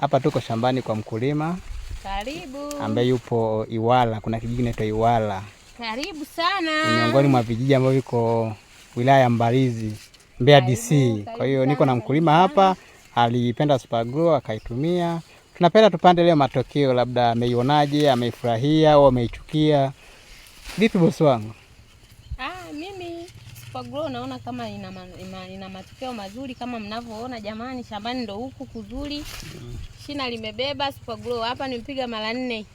Hapa tuko shambani kwa mkulima. Karibu. Ambaye yupo Iwala, kuna kijiji kinaitwa Iwala. Karibu sana. Miongoni mwa vijiji ambavyo viko wilaya ya Mbalizi, Mbeya DC. Kwa hiyo niko na mkulima hapa, alipenda Super akaitumia. Tunapenda tupande leo matokeo, labda ameionaje, ameifurahia au ameichukia. Vipi bosi wangu? Super Grow naona kama ina, ma, ina, ina matokeo mazuri kama mnavyoona jamani, shambani ndo huku kuzuri mm. Shina limebeba Super Grow hapa, nimepiga mara nne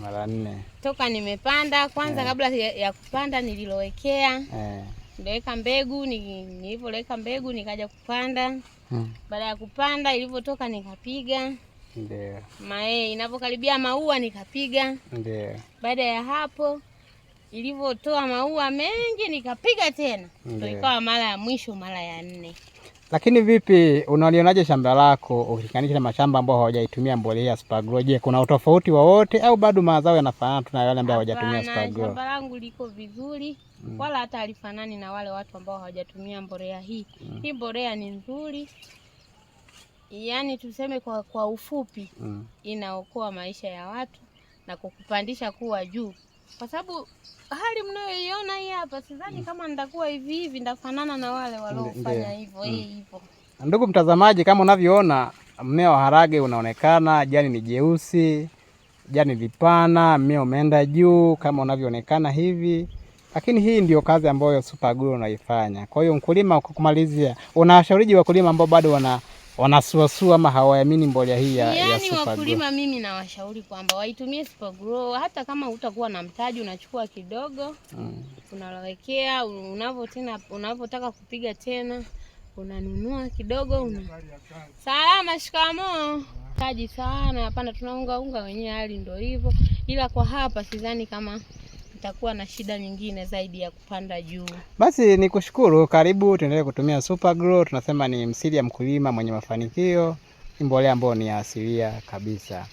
mara nne toka nimepanda kwanza yeah. Kabla ya, ya kupanda nililowekea eh. Niliweka mbegu nilivyoweka mbegu nikaja kupanda mm. Baada ya kupanda ilivyotoka nikapiga ndio mae eh, inapokaribia maua nikapiga ndio baada ya hapo ilivyotoa maua mengi nikapiga tena, ndio ikawa mara ya mwisho, mara ya nne. Lakini vipi, unalionaje shamba lako ukilinganisha na mashamba ambayo hawajaitumia mbolea Spagro? Je, kuna utofauti wowote au bado mazao yanafanana tu na yale ambayo hawajatumia Spagro? Shamba langu liko vizuri mm. wala hata alifanani na wale watu ambao hawajatumia mbolea hii mm. hii mbolea ni nzuri, yaani tuseme kwa, kwa ufupi mm. inaokoa maisha ya watu na kukupandisha kuwa juu kwa sababu hali mnayoiona hii hapa sidhani mm. kama nitakuwa hivi hivi ndafanana na wale waliofanya hivyo mm. hivyo. Ndugu mtazamaji, kama unavyoona mmea wa harage unaonekana jani ni jeusi, jani vipana mmea umeenda juu kama unavyoonekana hivi, lakini hii ndio kazi ambayo Super Glue unaifanya. Kwa hiyo mkulima, kwa kumalizia, unawashauriji wakulima ambao bado wana wanasuasua ama hawaamini mbolea hii ya, yani ya yaani Super wakulima grow. Mimi nawashauri kwamba waitumie Super Grow hata kama utakuwa na mtaji, unachukua kidogo mm. unawekea unavyo tena unavyotaka kupiga tena unanunua kidogo una... salama. Shikamoo taji sana hapana, tunaungaunga wenyewe, hali ndio hivyo, ila kwa hapa sidhani kama nitakuwa na shida nyingine zaidi ya kupanda juu. Basi ni kushukuru, karibu tuendelee kutumia Super Grow. Tunasema ni msiri ya mkulima mwenye mafanikio, mbolea ambayo ni asilia kabisa.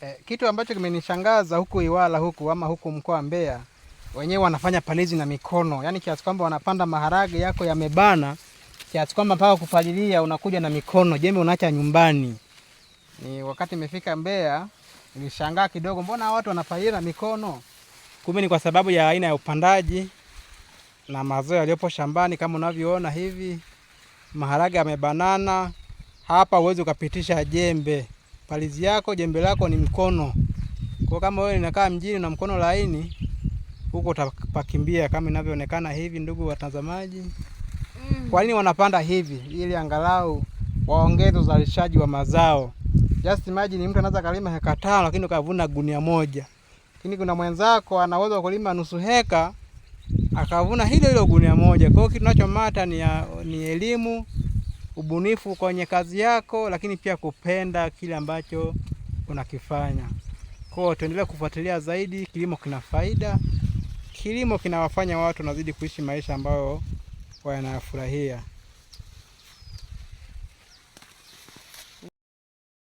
Eh, kitu ambacho kimenishangaza huku Iwala huku ama huku mkoa wa Mbeya wenyewe wanafanya palizi na mikono, yaani kiasi kwamba wanapanda maharage yako yamebana kiasi kwamba mpaka kupalilia unakuja na mikono, jembe unaacha nyumbani ni wakati imefika Mbeya, nilishangaa kidogo, mbona watu wanafagia na mikono? Kumbe ni kwa sababu ya aina ya upandaji na mazao yaliyopo shambani. Kama unavyoona hivi, maharage yamebanana hapa, uwezi ukapitisha jembe, palizi yako jembe lako ni mkono. Kwa kama wewe unakaa mjini na mkono laini, huko utapakimbia, kama inavyoonekana hivi, ndugu watazamaji. Mm. Kwa nini wanapanda hivi? Ili angalau waongeze uzalishaji wa mazao. Just imagine mtu anaweza kalima heka tano lakini ukavuna gunia moja. Lakini kuna mwenzako anaweza kulima nusu heka akavuna hilo hilo gunia moja. Kwa hiyo kitu kinachomata ni, ni elimu, ubunifu kwenye kazi yako, lakini pia kupenda kile ambacho unakifanya. Kwa hiyo tuendelee kufuatilia zaidi. Kilimo kina faida, kilimo kinawafanya watu wanazidi kuishi maisha ambayo wanayafurahia.